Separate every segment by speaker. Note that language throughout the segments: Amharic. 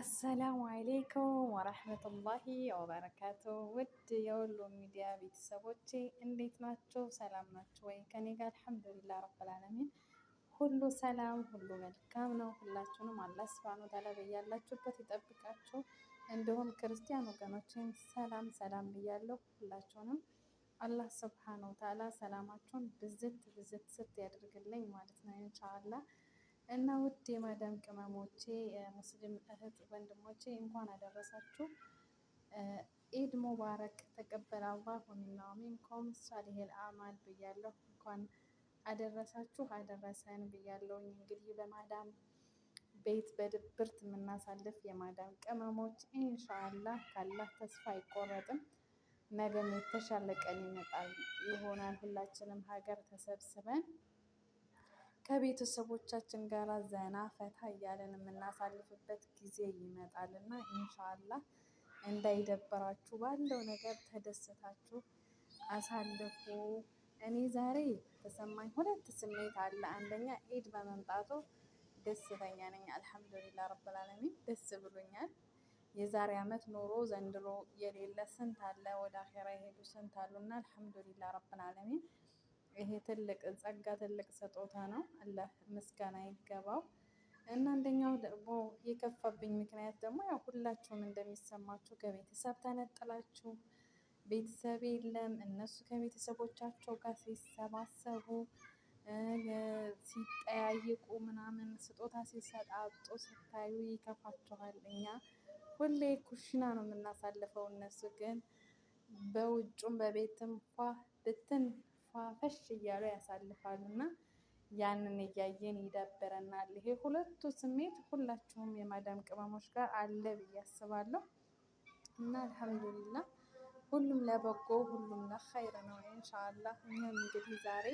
Speaker 1: አሰላሙ አሌይኩም ወረህመቱላሂ ወበረካቱ ውድ የወሎ ሚዲያ ቤተሰቦቼ እንዴት ናቸው? ሰላም ናቸው ወይ? ከኔ ጋር አልሐምዱሊላህ ረብልዓለሚን ሁሉ ሰላም፣ ሁሉ መልካም ነው። ሁላችሁንም አላህ ሱብሃነሁ ወተዓላ በያላችሁበት ይጠብቃችሁ። እንዲሁም ክርስቲያን ወገኖችን ሰላም ሰላም ብያለሁ። ሁላችሁንም አላህ ሱብሃነሁ ወተዓላ ሰላማችሁን ብዝት ብዝት ስት ያደርግልኝ ማለት ነው ኢንሻአላህ እና ውድ የማዳም ቅመሞቼ ሙስሊም እህት ወንድሞቼ እንኳን አደረሳችሁ። ኢድ ሙባረክ ተቀበል አላህ ሁንና ሚንኩም ሳሊሄል አማል ብያለሁ። እንኳን አደረሳችሁ አደረሰን ብያለሁኝ። እንግዲህ በማዳም ቤት በድብርት የምናሳልፍ የማዳም ቅመሞች ኢንሻአላህ ካላህ ተስፋ አይቆረጥም። ነገም የተሻለ ቀን ይመጣል ይሆናል። ሁላችንም ሀገር ተሰብስበን ከቤተሰቦቻችን ጋር ዘና ፈታ እያለን የምናሳልፍበት ጊዜ ይመጣል እና እንሻላ እንዳይደብራችሁ ባለው ነገር ተደስታችሁ አሳልፉ። እኔ ዛሬ ተሰማኝ ሁለት ስሜት አለ። አንደኛ ኢድ በመምጣቱ ደስተኛ ነኝ። አልሐምዱሊላህ ረብል ደስ ብሎኛል። የዛሬ ዓመት ኖሮ ዘንድሮ የሌለ ስንት አለ፣ ወደ አኼራ የሄዱ ስንት አሉና አልሐምዱሊላህ ረብል ዓለሚን ይሄ ትልቅ ጸጋ ትልቅ ስጦታ ነው። አላህ ምስጋና ይገባው እና አንደኛው ደግሞ የከፋብኝ ምክንያት ደግሞ ያው ሁላችሁም እንደሚሰማችሁ ከቤተሰብ ተነጥላችሁ ቤተሰብ የለም እነሱ ከቤተሰቦቻቸው ጋር ሲሰባሰቡ ሲጠያይቁ ምናምን ስጦታ ሲሰጣጡ ስታዩ ይከፋችኋል። እኛ ሁሌ ኩሽና ነው የምናሳልፈው፣ እነሱ ግን በውጩም በቤትም እንኳ ብትን ፏፈሽ እያሉ ያሳልፋሉ እና ያንን እያየን ይደብረናል። ይሄ ሁለቱ ስሜት ሁላችሁም የማዳም ቅመሞች ጋር አለ ብዬ አስባለሁ እና አልሐምዱሊላ ሁሉም ለበጎ ሁሉም ለኸይር ነው። እንሻላ እኛም እንግዲህ ዛሬ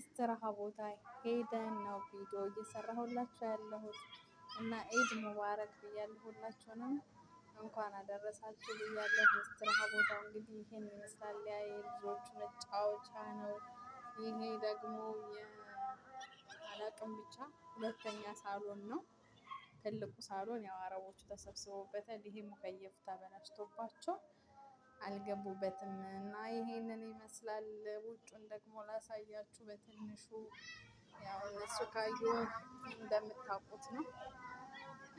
Speaker 1: እስትራሃ ቦታ ሄደን ነው ቪዲዮ እየሰራሁላችሁ ያለሁት እና ኢድ ሙባረክ ብያለሁላችሁንም እንኳን አደረሳችሁ ብያለሁ። የእስትራሃ ቦታ እንግዲህ ይህን ይመስላል። ያ የልጆቹ መጫወቻ ነው። ይሄ ደግሞ የአላቅም ብቻ ሁለተኛ ሳሎን ነው። ትልቁ ሳሎን ያው አረቦቹ ተሰብስበውበታል። ይሄ ሙከየፍ ተበላሽቶባቸው አልገቡበትም እና ይሄንን ይመስላል። ውጩን ደግሞ ላሳያችሁ በትንሹ ያው እነሱ ካዩ እንደምታውቁት ነው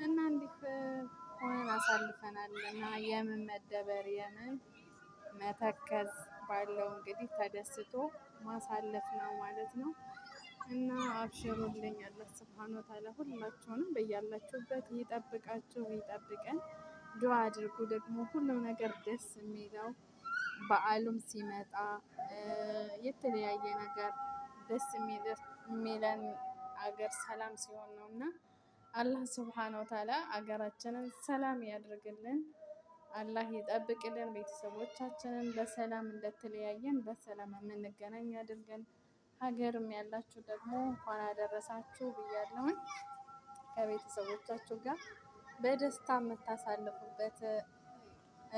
Speaker 1: እና እንዲህ ሆነን አሳልፈናል እና የምን መደበር የምን መተከዝ ባለው እንግዲህ ተደስቶ ማሳለፍ ነው ማለት ነው። እና አብሽሩልኝ አላህ ስብሐነ ወተዓላ ሁላችሁንም በያላችሁበት ይጠብቃችሁ ይጠብቀን። ዱዓ አድርጉ። ደግሞ ሁሉም ነገር ደስ የሚለው በዓሉም ሲመጣ የተለያየ ነገር ደስ የሚለን አገር ሰላም ሲሆን ነው እና አላህ ስብሓነሁ ወተዓላ አገራችንን ሰላም ያድርግልን። አላህ ይጠብቅልን። ቤተሰቦቻችንን በሰላም እንደተለያየን በሰላም የምንገናኝ ያድርገን። ሀገርም ያላችሁ ደግሞ እንኳን አደረሳችሁ ብያለሁኝ። ከቤተሰቦቻችሁ ጋር በደስታ የምታሳልፉበት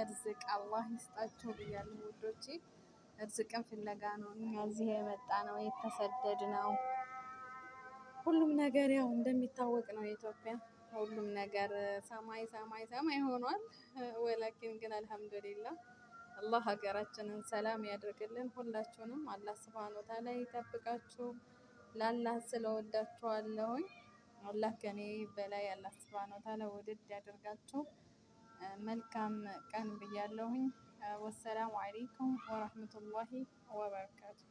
Speaker 1: እርዝቅ አላህ ይስጣችሁ ብያለሁ ውዶቼ። እርዝቅን ፍለጋ ነው እኛ እዚህ የመጣ ነው የተሰደድ ነው ሁሉም ነገር ያው እንደሚታወቅ ነው የኢትዮጵያ ሁሉም ነገር ሰማይ ሰማይ ሰማይ ሆኗል። ወላኪን ግን አልሐምዱሊላ አላህ ሀገራችንን ሰላም ያድርግልን። ሁላችሁንም አላህ ስብሃነ ወተዓላ ይጠብቃችሁ። ላላህ ስለወዳችኋለሁኝ አላህ ከኔ በላይ አላህ ስብሃነ ወተዓላ ውድድ ያደርጋችሁ። መልካም ቀን ብያለሁኝ። ወሰላሙ አሌይኩም ወረህመቱላሂ ወበረካቱ